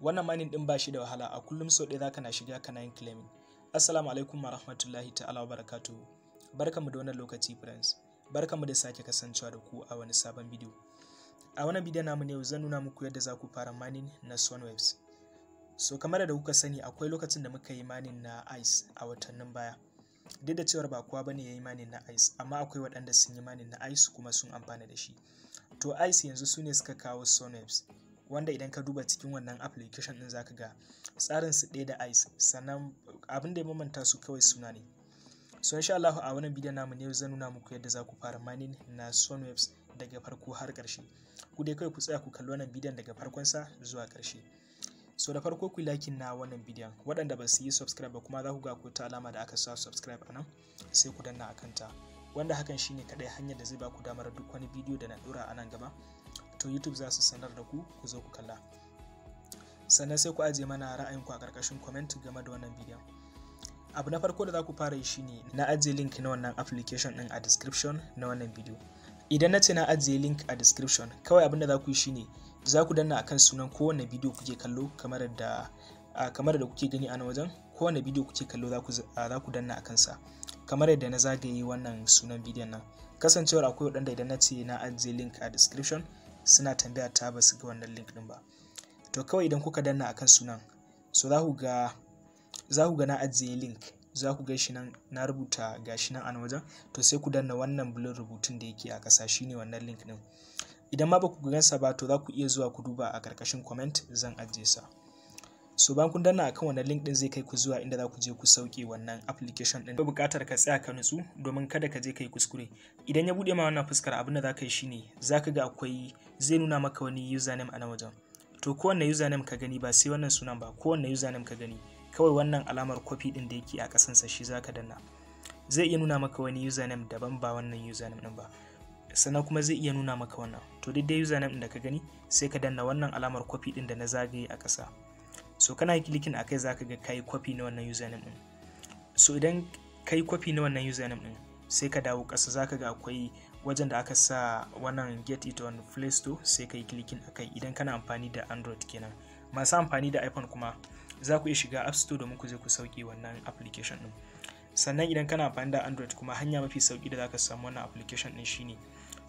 wannan manin din ba shi da wahala a kullum sau ɗaya zaka na shiga kana yin claiming assalamu alaikum wa rahmatullahi ta'ala wa barakatuhu mu da wannan lokaci friends mu da sake kasancewa da ku a wani sabon bidiyo a wannan bidiyo namu ne zan nuna muku yadda za ku fara manin na waves so kamar da kuka sani akwai lokacin da muka yi manin na ice a watannin baya duk da cewar ba kowa bane ya yi manin na ice amma akwai waɗanda sun yi manin na ice kuma sun amfana da shi to ice yanzu su ne suka kawo waves wanda idan ka duba cikin wannan application din zaka ga tsarin su ɗaya da ice sannan abin da ya mamanta su kawai suna ne so insha Allah a wannan bidiyon namu ne zan nuna muku yadda za ku fara mining na Sunwebs daga farko har ƙarshe ku dai kai ku tsaya ku kalli wannan bidiyon daga farkon sa zuwa ƙarshe so da farko ku like na wannan bidiyon waɗanda ba su yi subscribe ba kuma za ku ga ku ta alama da aka sa subscribe anan sai ku danna akan ta wanda hakan shine kadai hanyar da zai ba ku damar duk wani bidiyo da na dora a nan gaba wato youtube za su sanar da ku ku zo ku kalla sannan sai ku ajiye mana ra'ayinku a ƙarƙashin comment game da wannan bidiyon abu na farko da za ku fara yi shine na ajiye link na wannan application din a description na wannan bidiyo idan na ce na ajiye link a description kawai abin da za ku yi shine za ku danna akan sunan kowane bidiyo kuke kallo kamar da kamar da kuke gani a nan wajen kowane bidiyo kuke kallo za ku danna akan sa kamar yadda na zagaye wannan sunan bidiyon nan kasancewar akwai waɗanda idan na ce na ajiye link a description suna tambaya ta ba su ga wannan link din ba to kawai idan kuka danna akan sunan so za ku ga za ku ga na ajiye link za ku ga shi nan na rubuta gashi nan an wajen to sai ku danna wannan bulon rubutun da yake a ƙasa shine wannan link din idan ma ba ku gansa ba to za ku iya zuwa ku duba a ƙarƙashin comment zan ajiye sa so bayan kun danna akan wannan link din zai kai ku zuwa inda za ku je ku sauke wannan application din akwai buƙatar ka tsaya ka nutsu domin kada ka je kai kuskure idan ya bude ma wannan fuskar abin da za ka yi shine za ka ga akwai zai nuna maka wani username a nan wajen to kowanne username ka gani ba sai wannan sunan ba kowanne username ka gani kawai wannan alamar copy din da yake a sa shi za ka danna zai iya nuna maka wani username daban ba wannan username din ba sannan kuma zai iya nuna maka wannan to duk dai username din da ka gani sai ka danna wannan alamar copy din da na zagaye a ƙasa so kana klikin a kai ka ga kai kwafi na wannan username din so idan kai kwafi na wannan username din sai ka dawo ƙasa ka ga akwai wajen da aka sa wannan get it on play store sai yi klikin a kai idan kana amfani da android kenan masu amfani da iphone kuma za ku iya shiga app store domin ku je ku sauke wannan application din sannan idan kana amfani da android kuma hanya mafi sauki da za ka samu wannan application din shine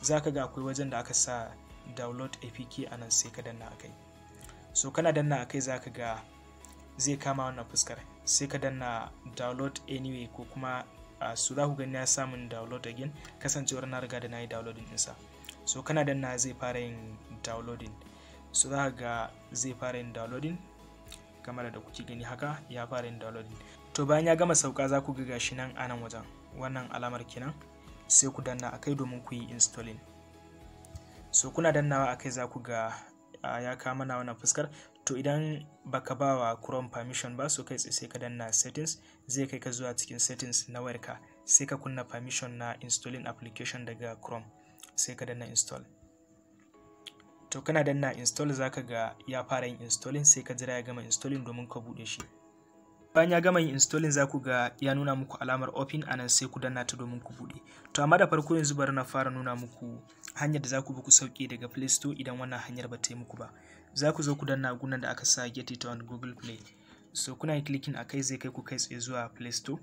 ka ga akwai wajen da aka sa download apk anan sai ka danna akai so kana danna a za zaka ga zai kama wannan fuskar sai ka danna download anyway ko kuma uh, ah, su za ku gani na samun download again kasancewar na riga da na yi downloading ɗinsa so kana danna zai fara yin downloading so za ga zai fara yin downloading kamar da kuke gani haka ya fara yin downloading to bayan ya gama sauka za ku ga gashi nan a nan wajen wannan alamar kenan sai ku danna akai domin ku yi installing so kuna dannawa akai za ku ga ya kama mana wannan fuskar to idan baka ba wa chrome permission ba so kai sai ka danna settings zai kai ka zuwa cikin settings na wayarka sai ka kunna permission na installing application daga chrome sai ka danna install to kana danna install zaka ga ya fara yin installing sai ka jira ya gama installing domin ka bude shi bayan ya gama yin installing za ku ga ya nuna muku alamar open a nan sai ku danna ta domin ku bude to amma da farko yanzu bari na fara nuna muku hanyar da za ku bi ku sauke daga play store idan wannan hanyar ba ta yi muku ba za ku zo ku danna gunan da aka sa get it on google play so kuna yin clicking a kai zai kai ku kai tsaye zuwa play store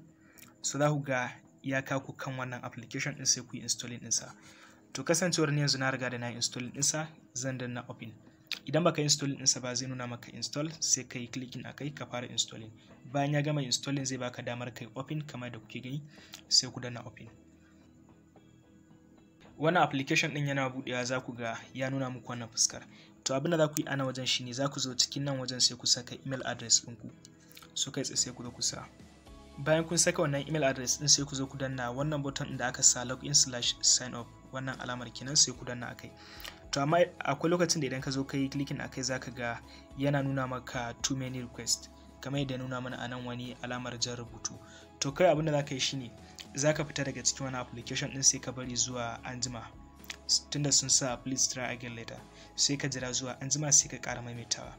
so za ku ga ya kaku kan wannan application din sai ku yi installing ɗinsa to kasancewar ni yanzu na riga da na installing ɗinsa zan danna open idan baka install ɗinsa ba zai nuna maka install sai kai clicking akai ka fara installing bayan ya gama installing zai baka damar kai open kamar da kuke gani sai ku danna open wannan application din yana budewa za ku ga ya nuna muku wannan fuskar to abin da za ku yi ana wajen shine za ku zo cikin nan wajen sai ku saka email address ɗinku so kai tsaye sai ku zo ku sa bayan kun saka wannan email address din sai ku zo ku danna wannan button da aka sa login slash sign up wannan alamar kenan sai ku danna akai to amma akwai lokacin da idan ka zo ka yi clicking a kai za ka ga yana nuna maka too many request kamar yadda nuna mana a nan wani alamar jan rubutu to kai abin da za ka yi shine za ka fita daga cikin wani application din sai ka bari zuwa anjima tunda sun sa please try again later sai ka jira zuwa anjima sai ka kara maimaitawa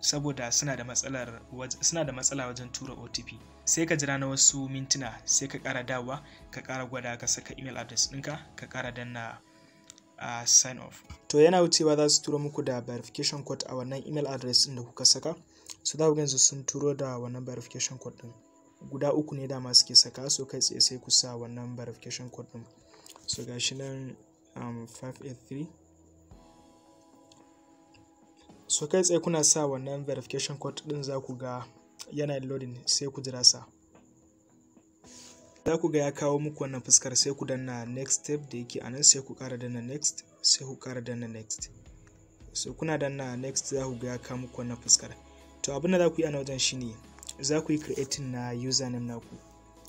saboda suna da matsalar suna da matsala wajen tura OTP sai ka jira na wasu mintuna sai ka kara dawa ka kara gwada ka saka email address ɗinka ka kara danna a sign off to yana wucewa za su turo muku da verification code a wannan email address din da kuka saka so za ku sun turo da wannan verification code din guda uku ne dama suke saka so kai tsaye sai ku sa wannan verification code din so gashi nan um, 583 so kai tsaye kuna sa wannan verification code din za ku ga yana loading sai ku jira sa za ku ga ya kawo muku wannan fuskar sai ku danna next step da yake a nan sai ku ƙara danna next sai ku ƙara danna next so kuna danna next za ku ga ya kawo muku wannan fuskar to abin da za ku yi a wajen shine za ku yi creating na username naku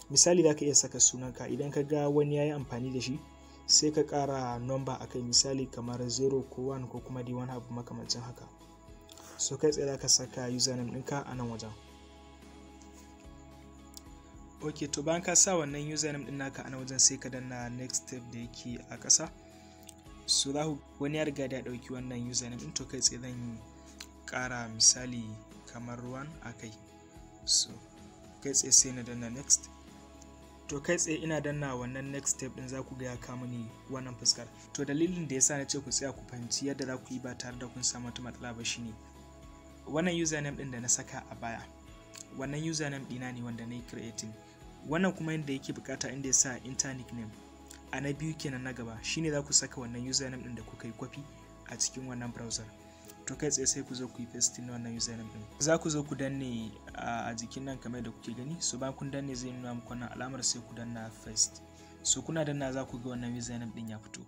misali za ka iya saka sunanka idan ka ga wani ya yi amfani da shi sai ka kara number a kai misali kamar 0 ko 1 ko kuma dai wani abu makamancin haka so kai tsaye za ka saka username ɗinka a nan wajen ok to bayan ka sa wannan username din naka ana wajen sai ka danna next step da yake a ƙasa so za ku wani ya riga da ya ɗauki wannan username din to kai tsaye zan ƙara misali kamar ruwan a kai so kai tsaye sai na danna next to kai tsaye ina danna wannan next step din za ku ga ya kama ni wannan fuskar to dalilin da yasa na ce ku tsaya ku fahimci yadda za ku yi ba tare da kun samu wata matsala ba shine wannan username din da na saka a baya wannan username dina ne wanda na yi creating wannan kuma yadda yake bukata inda ya sa inter nickname a na biyu kenan na gaba shine za ku saka wannan username din da kuka yi kwafi a cikin wannan browser to kai tsaye sai ku zo ku yi na wannan username din za ku zo ku danne a jikin nan kamar da kuke gani so bayan kun danne zai nuna muku wannan alamar sai ku danna paste so kuna danna za ku ga wannan username din ya fito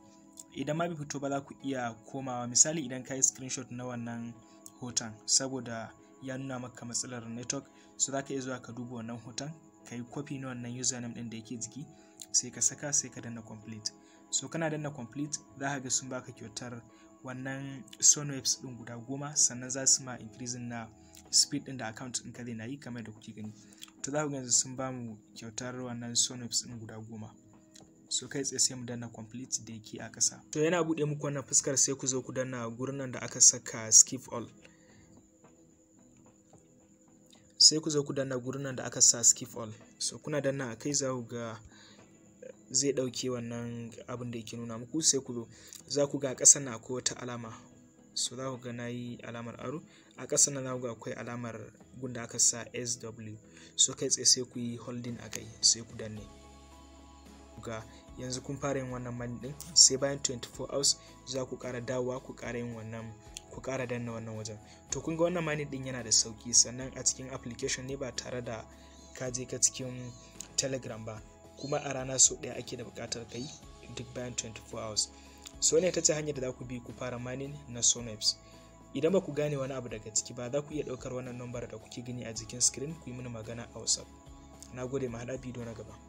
idan ma bai fito ba za ku iya komawa misali idan ka yi screenshot na wannan hoton saboda ya nuna maka matsalar network so za ka iya zuwa ka duba wannan hoton ka yi kwafi na wannan username ɗin da yake jiki sai ka saka sai ka danna complete so kana danna complete za ka ga sun baka kyautar wannan sonwaves ɗin guda goma sannan za su ma increasing na speed ɗin da account ɗinka zai na yi kamar da kuke gani to za ku ga sun ba mu kyautar wannan sonwaves ɗin guda goma so kai tsaye sai mu danna complete da yake a ƙasa to yana buɗe muku wannan fuskar sai ku zo ku danna gurin nan da aka saka skip all sai ku zo ku danna gurin da aka sa skip all so kuna danna akai za ku ga zai ɗauke wannan abin da yake nuna muku sai ku zo za ku ga ƙasa na ko ta alama so za ku ga na yi alamar aro a ƙasa na za ku ga akwai alamar gunda aka sa sw so kai tsaye sai ku yi holding a kai sai ku danne ga yanzu kun fara yin wannan mani ɗin sai bayan 24 hours za ku ƙara dawowa ku ƙara yin wannan ku ƙara danna wannan wajen to kun ga wannan mining din yana da sauki sannan a cikin application ne ba tare da ka je ka cikin telegram ba kuma a rana so ɗaya ake da buƙatar kai duk bayan 24 hours so ne ta ce hanyar da za ku bi ku fara mining na sonaps idan ba ku gane wani abu daga ciki ba za ku iya ɗaukar wannan lambar da kuke gini a jikin screen ku yi mini magana a whatsapp na gode ma bidiyo na gaba